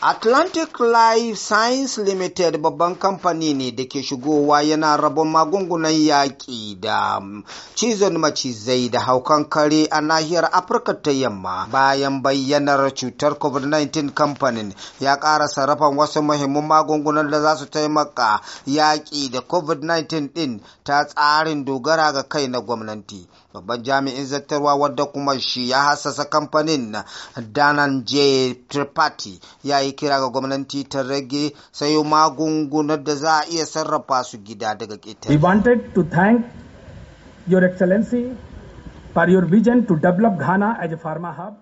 Atlantic Life Science Limited babban kamfani ne da ke shigowa yana rabon magungunan yaƙi da cizon macizai da haukan kare a nahiyar Afirka ta yamma. Bayan bayyanar cutar COVID-19 kamfanin ya ƙara sarrafan wasu muhimman magungunan da za su taimaka yaƙi da COVID-19 ɗin ta tsarin dogara ga kai na gwamnati. Babban jami'in zattarwa wadda kuma shi ya hassasa kamfanin Danan J. Tripathi ya yi yi kira ga gwamnati ta rage sayo magungunan da za a iya sarrafa su gida daga ƙetare. We wanted to thank Your Excellency for your vision to develop Ghana as a pharma hub.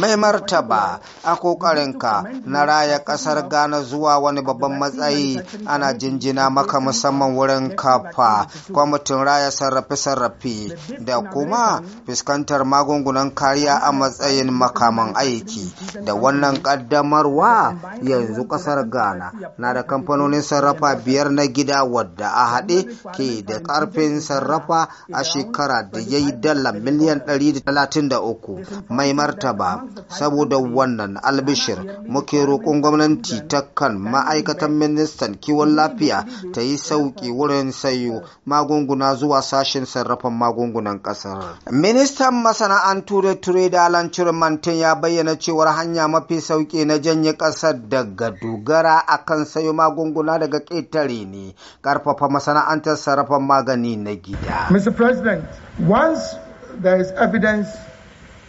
mai martaba a ƙoƙarinka na raya ƙasar ghana zuwa wani babban matsayi ana jinjina maka musamman wurin kafa kwamitin raya sarrafe-sarrafe da kuma fuskantar magungunan kariya a matsayin makaman aiki da wannan ƙaddamarwa yanzu ƙasar ghana na da kamfanonin sarrafa biyar na gida wadda a haɗe ke da ƙarfin sarrafa a shekara da ya yi dala miliyan 133 mai martaba saboda wannan albishir muke roƙon gwamnati ta kan ma'aikatan ministan kiwon lafiya ta yi sauƙi wurin sayo magunguna zuwa sashen sarrafan magungunan ƙasar ministan masana'antu da ture da alan mantin ya bayyana cewar hanya mafi sauƙi na janye ƙasar daga dogara a kan sayo magunguna daga ƙetare ne ƙarfafa masana'antar sarrafan magani na gida mr president once there is evidence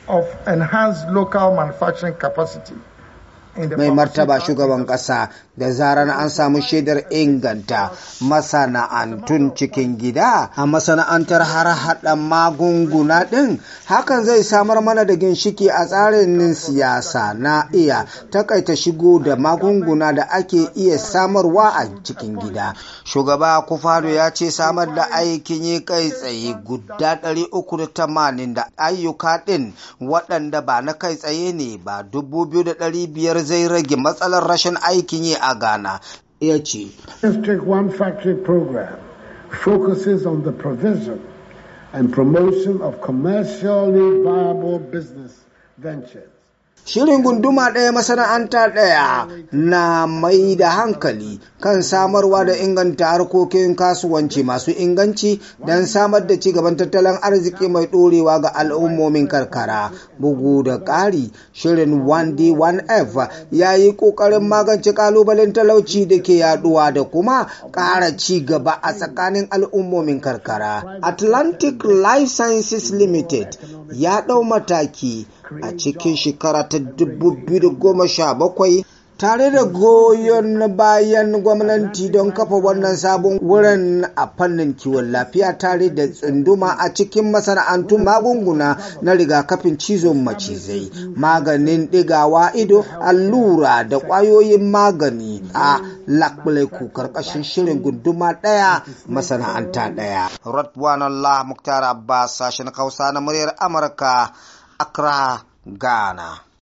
of enhanced local manufacturing capacity mai martaba shugaban kasa da zarar an samu shaidar inganta masana'antun cikin gida a masana'antar har haɗa magunguna ɗin hakan zai samar mana da ginshiki a tsarin siyasa na iya takaita shigo da magunguna da ake iya samarwa a cikin gida shugaba kufado ya ce samar da aikin yi kai tsaye guda 380 da ayyuka ɗin waɗanda ba na kai tsaye ne ba 2,500 zai rage matsalar rashin aikin yi a Ghana. Ya ce, One Factory Program focuses on the provision and promotion of commercially viable business ventures. Shirin gunduma ɗaya masana'anta ɗaya na mai da hankali kan samarwa da inganta harkokin kasuwanci masu inganci don samar da cigaban tattalin arziki mai ɗorewa ga al'ummomin karkara. Bugu da ƙari, shirin 1D1F ya yi ƙoƙarin magance ƙalubalen talauci da ke yaɗuwa da kuma ƙara ci gaba a tsakanin al'ummomin karkara. Atlantic Life Sciences Limited ya ɗau mataki a cikin shekara ta goma sha bakwai, tare da goyon bayan gwamnati don kafa wannan sabon wurin a fannin kiwon lafiya tare da tsunduma a cikin masana'antun magunguna na rigakafin cizon macizai maganin digawa, ido allura da ƙwayoyin magani a lakwaleku karkashin shirin gunduma ɗaya masana'anta ɗaya. Rotwan Allah Muktar Abbas sashen Hausa na muryar Amurka Accra, Ghana.